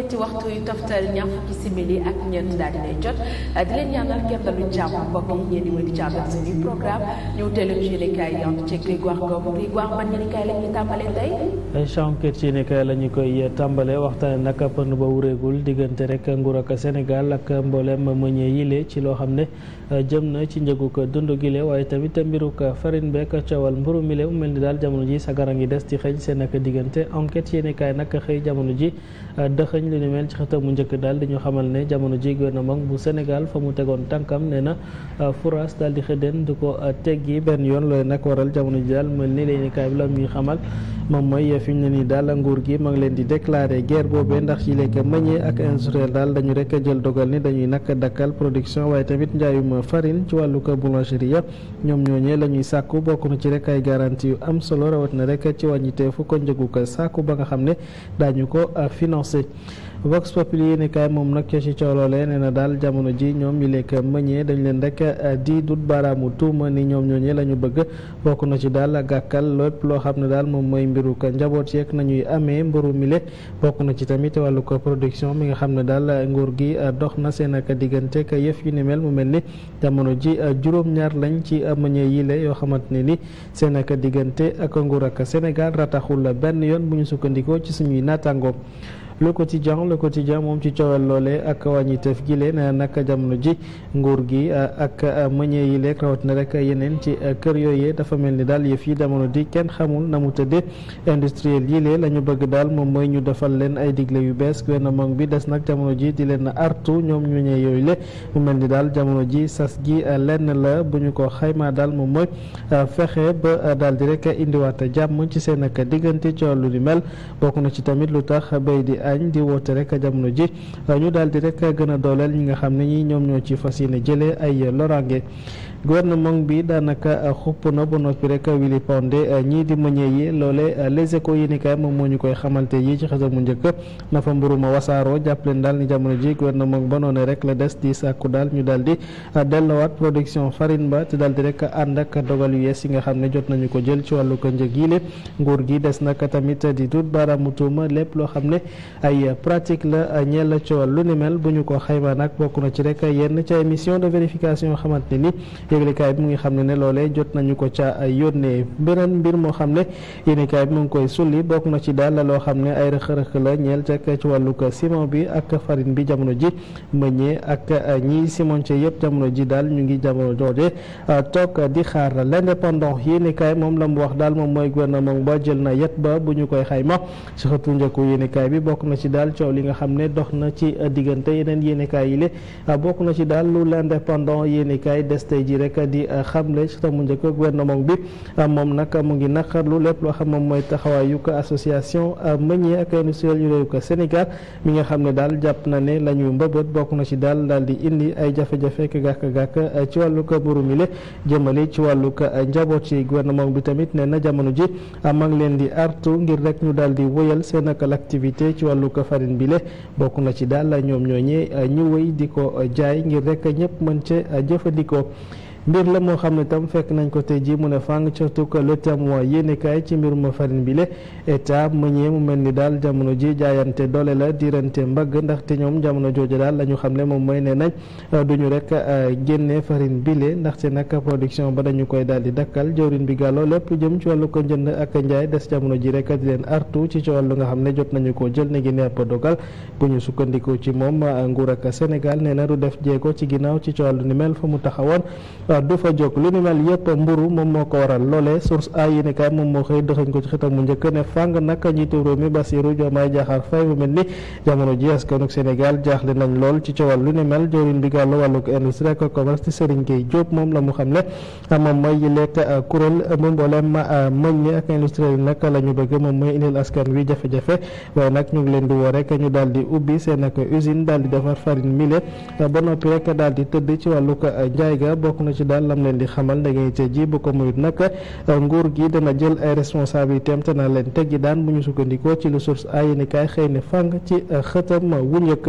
ñetti waxtu yu toftal ñaar fukki simili ak ñeent yi ngeen di wéy di tàmbale tey chanket nag pënd ba wuréegul diggante rek nguur ak Sénégal ak mboolem mëñe yile ci loo xam ne euh, jëm na ci njëgu ko dund waaye tamit mbiruk farine beek coowal mburu mile mel ni daal jamono ji sa gara gi des di xëñ seen ak diggante enquête yéenekaay nag xëy jamono ji euh, dëxëñ nañ lu ni mel ci xëtam mu njëkk daal dañu xamal ne jamono ji gouvernement bu Sénégal fa mu tegoon tànkam ne na euh, foras daal di xëddeen di ko euh, teggi benn yoon loolu nag waral jamono ji daal mel ni leen kaay bi la muy xamal moom mooy fi ñu ne nii daal nguur gi ma ngi leen di déclarer guerre boobee ndax ci lekk meññee ak industriel daal dañu rek jël dogal ni dañuy nag dakkal production waaye tamit njaayum farine ci wàllu ko boulangerie ya ñoom ñooñee la ñuy sàkku bokk ci rek ay garantie yu am solo rawat na rek ci wàññiteefu ko njëgu ko sàkku ba nga xam ne daañu ko euh, financer Vox Populi yéen kaay moom nag ci coow loolee nee na daal jamono ji ñoom yi lekk mëñee dañ leen rek eh, di dut baaraamu tuuma ni ñoom ñooñee la ñu bëgg bokk na ci daal gàkkal loo xam ne daal moom mooy mbiru ko njaboot yeeg nañuy amee mburu mile bokk na ci tamit wàllu ko production mi nga xam ne daal eh, nguur gi eh, dox na seen ak diggante ka yëf yu ne mel mu mel ni jamono ji juróom-ñaar lañ ci mëñee yile yoo xamante ne ni seen ak diggante ak nguur ak Sénégal rataxul benn yoon bu ñu sukkandikoo ci suñuy naataangoom ko le quotidien ko quotidien moom ci coowal loolee ak wàññi tëf gi leen nag jamono ji nguur gi ak mëñee yi leeg rawatina rek yeneen ci kër yooyee dafa mel ni daal yëf yi jamono di kenn xamul na mu tëddee industriel yi lee la ñu bëgg daal moom mooy ñu defal leen ay digle yu bees gouvernement bi des nag jamono ji di leen artu ñoom mëñee yooyu le mu mel ni daal jamono ji sas gi lenn la bu ñu ko xaymaa daal moom mooy fexe ba daal di rek indiwaat jàmm ci seen ak diggante ci wàllu ni mel ci tamit lu tax añ di woote rek jamono ji ñu daal di rek gën a ñi nga xam ne ñi ñoom ñoo ci fas yéene jëlee ay loraange gouvernement bi daanaka xupp na ba noppi rek Willy Pandé ñii di mëñee yi loole les échos yi ni kaay moom moo ñu koy xamalte yi ci xësal njëkk na fa mburu wasaaroo jàpp daal ni jamono ji gouvernement ba noonu rek la des di sàkku daal ñu daal di dellowaat production farine ba te daal di rek ànd ak dogal yu yees yi nga xam ne jot nañu ko jël ci yi le nguur gi des nag tamit di dut baaraamu tuuma lépp loo xam ne ay pratique la ñeel ci lu ni mel bu ñu ko xaymaa nag bokk na ci rek yenn ca mission de vérification xamante ne ni yëglekaay bi mu ngi xam ne ne loolee jot nañu ko ca yónnee beneen mbir moo xam ne yéenekaay bi mu ngi koy sulli bokk na ci daal loo xam ne ay rëq-rëq la ñeel rek ci wàllu simon bi ak farin bi jamono ji meññee ak ñiy cimenté yëpp jamono ji daal ñu ngi jamono jooje ah, toog di xaar l'indépendant yéenekaay moom la mu wax daal moom mooy gouvernement na yet ba bu ñu koy xayma ci xëtu bokk ci daal coow li nga xam ne dox na ci diggante yeneen yéenekaay yi le bokk na ci daal lu l'indépendant yéenekaay des tey ji rek di xamle ci tamu njëkk gouvernement bi moom nag mu ngi naqarlu lépp loo xam moom mooy taxawaayu ko association meunier ak industriel yu réew mi nga xam ne daal jàpp na ne la ñuy mbëbët na ci daal daal di indi ay jafe-jafe ak gàkk ci wàllu ko mi le jëmale ci wàllu njaboot ci gouvernement bi tamit nee na jamono ji maa ngi leen di artu ngir rek ñu daal wëyal seen ak l'activité ci wàllu farine bi le bokk na ci daal ñoom ñooñee euh, ñu wéy di ko euh, jaay ngir rek ñëpp mën ca euh, jëfandikoo mbir la moo xam ne tam fekk nañ ko tey jii mu ne fàng surtout que le témoin yéenekaay ci mbirum farine bi le état meññee mu mel ni daal jamono ji jaayante doole la diirante mbagg ndaxte ñoom jamono jooju daal la ñu xam ne moom mooy ne nañ euh, duñu rek euh, génne farine bi le ndaxte nag production ba dañu koy daal di dakkal jawrin bi gàlloo lépp jëm ci wàllu ko njënd ak njaay des jamono ji rek di leen artu ci ci lu nga xam ne jot nañu koo jël ne ngi nepp dogal bu ñu sukkandiku ci moom euh, nguur ak Sénégal nee na du def jéego ci ginnaaw ci ci wàllu ni mel mu taxawoon xar du fa jóg lu ni mel a mburu moom moo ko waral loolee source a yéene moom moo xëy dëxañ ko ci xëtam mu njëkk ne fàng nag njiitu réew mi Bassirou Diomaye Diakhar Faye mu Sénégal jaaxle nañ lool ci coowal lu ni mel jëwriñ bi gàllu wàllug industrie ak commerce di Serigne Gueye Diop moom la mu xam ne moom mooy lekk euh, kuréel mu mbooleem euh, mañ ni ak industrie yi nag bëgg moom mooy indil askan wi jafe-jafe waaye nag ñu leen di woo rek ñu daal ubbi seen euh, ci daal lam leen di xamal da ngeen ca ji bu ko muyut nag euh, nguur gi dana jël ay responsabilité am te naa leen gi daan bu ñu sukkandikoo ci lu source ay ni kaay xëy na fang ci euh, xëtam wu njëkk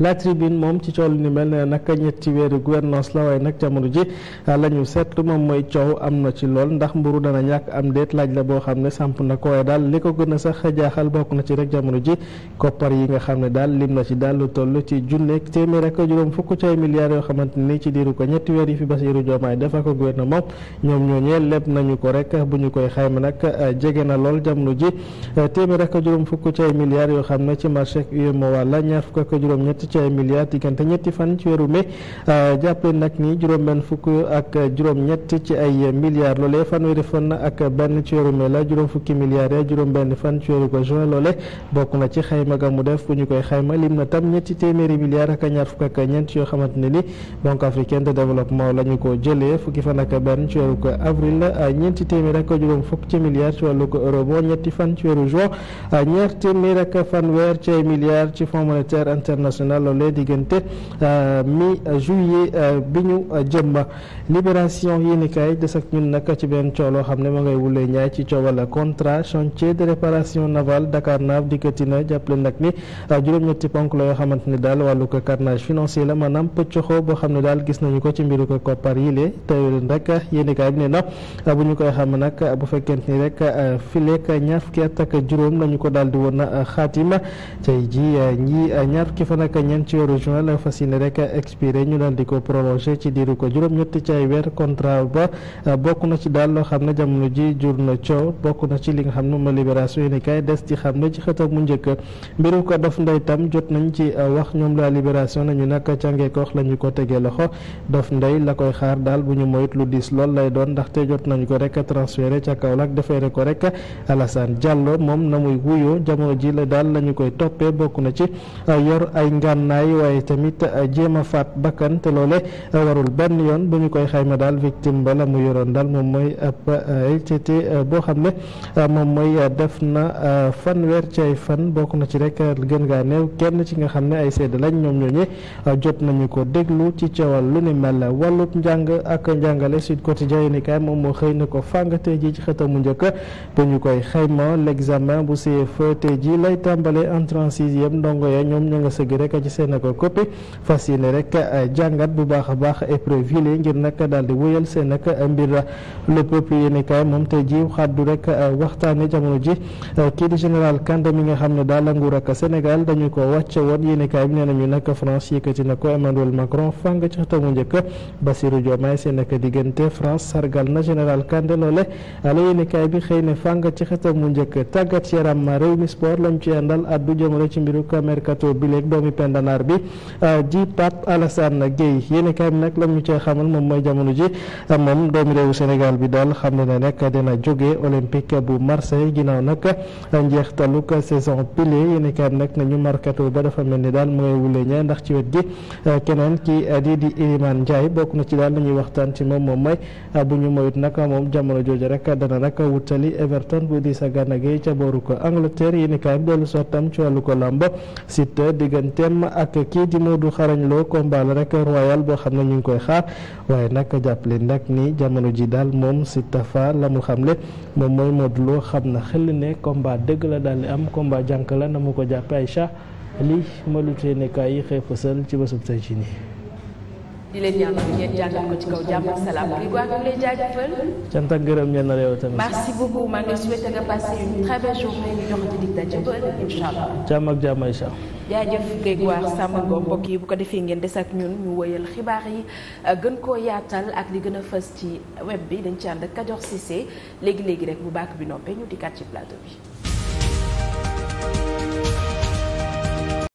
la tribune moom ci coow lu ni mel na nag ñetti weeri gouvernance la waaye nag jamono ji la ñu seetlu moom mooy coow am na ci lool ndax mburu dana ñàkk am déet laaj la boo xam ne samp na ko waaye daal li ko gën a sax jaaxal bokk na ci rek jamono ji koppar yi nga xam ne daal lim na ci daal lu toll ci junneeg téeméer ak juróom fukk ci ay milliards yoo xamante ni ci diiru ko ñetti weer fi Bassirou Diomaye dafa ko gouvernement ñoom ñooñee leb nañu ko rek bu ñu koy xayma nag euh, jege na lool jamono ji euh, téeméer ak juróom fukk ci ay xam ne ci marché UEMOA la ñaar fukk ak juróom ñett ci ay milliards diggante ñetti fan ci weeru mai euh, jàppale nag ni juróom-benn fukk ak juróom-ñett ci ay milliards loolee fanweeri fan ak benn ci weeru mai la juróom fukki milliards ya juróom-benn fan ci ko juin na ci xayma ga mu def bu ñu koy xayma lim na tam ñetti téeméeri milliards ak ñaar fukk ak ñeent xamante ne ni banque africaine de développement la ñu ko jëlee fukki fan ak benn ci weeru ko avril ñeenti téeméer ak juróom fukk ci milliards ci wàllu ko euro boo ñetti fan ci weeru juin ñaar téeméer ak fanweer ci ay milliards ci fonds monétaire international loolee diggante euh, mi juillet euh, bi ñu jëm libération yi ni kay des ak ñun nag ci benn cooloo xam ne ma ngay wulee ñaay ci coowal contrat chantier de réparation navale Dakar Nav dikkati na jàppale nag ni euh, juróom-ñetti ponk yoo xamante ne daal wàllu ko carnage financier la maanaam pëccoxoo boo xam ne daal gis nañu ko ci mbiru ko koppar yi lee tey rek yéen bi ne na bu ñu koy xam nag bu fekkente ni rek fileek ñaar fukki at ak juróom lañu ko daal di woon xaatima tey ji ñeent ci weeru juin la fas yéene rek expiré ñu daal di ko prolongé ci diiru ko juróom-ñett ci ay weer contrat ba bokk na ci daal loo xam ne jamono ji jur na coow bokk na ci li nga xam ne ma libération yi ni des ci xam ne ci xëtam mu njëkk mbiru ko dof ndey tam jot nañ ci wax ñoom la libération nañu nag càngeekoox la ñu ko tegee loxo dof ndey la koy xaar daal bu ñu moyut lu diis lool lay doon ndaxte jot nañ ko rek transféré ca Kaolack defeere ko rek Alassane Diallo moom na muy wuyoo jamono ji la daal la ñu koy ngànnaay waaye tamit eh, jéem a faat bakkan te loole warul benn yoon bu ñu koy xayma daal victime ba la mu yoroon daal moom mooy ab LTT eh, eh, boo xam ne moom mooy def na fanweer ci ay fan bokk na ci rek gën ngaa néew kenn ci nga xam ne ay seede lañ ñoom ñooñu jot nañu ko déglu ci coowal lu ni mel wàllub njàng ak njàngale Sud Quotidien yi ni kaay moom moo xëy na ko fàngate ji ci mu njëkk bu ñu koy xayma l'examen bu CFEE ji lay tàmbalee entrée en sixième rek ci seen ak coppi fas yéene rek euh, jàngat bu baax a baax épreuve yi ngir nag daal di wéyal seen ak euh, mbir le peuple yéene kaay moom tey ji xaddu rek euh, waxtaane jamono ji kii di général Kandé mi nga xam ne daal nguur ak Sénégal dañu ko wàcce woon yéene kaay bi nee nañu nag France yëkkati na ko Emmanuel Macron fàng ci xëtamu njëkk Bassirou Diomaye seen ak diggante France sargal na général Kandé loole la yéene bi xëy ne fàng ci xëtamu njëkk tàggat ndanaar bi ji euh, Pape Alassane Gueye yéen kaay bi nag lam ñu cee xamal moom mooy jamono ji moom doomu réewu Sénégal bi daal xam ne ne nag dina jóge olympique bu Marseille ginnaaw nag njeextaluk saison pile yéen kaay bi na nañu markato ba dafa mel ni daal mu ngay wule ña ndax ci wet gi euh, keneen ki euh, di di Iliman Ndiaye bokk na ci daal la ñuy waxtaan ci moom moom mooy bu ñu moyut nag moom jamono jooju rek dana nag wutali Everton bu di a gànna gay ca booru ko Angleterre digganteem ak kii di Modou Xarañ Lo combat la rek boo xam ne ñu ngi koy xaar waaye nag jàppale nag ni jamono ji daal moom si tafa la mu xamle moom mooy Modou loo xam na xel ne combat dëgg la daal di am combat jànq la na mu ko jàppe Aïcha li ma lutee nekkaay yi xëy fësal ci bésub tey ci nii di leen ñaanal ngeen jàngal ko ci kaw jàmm ak salaam Grégoire ñu lay jaajëfal. cant ak gërëm ñeen na réew tamit. merci beaucoup maa ngi souhaité nga passé une très belle journée ñu jox ci dig daje ba ëllëg incha allah. jàmm ak jàmm Aïcha. jaajëf Grégoire Samba Ngom mbokk bu ko defee ngeen des ak ñun ñu woyal xibaar yi euh, gën koo yaatal ak li gën a fës ci web bi dañ ci ànd ak Kajoor léegi léegi rek bu baax bi noppee ñu dikkaat ci plateau bi.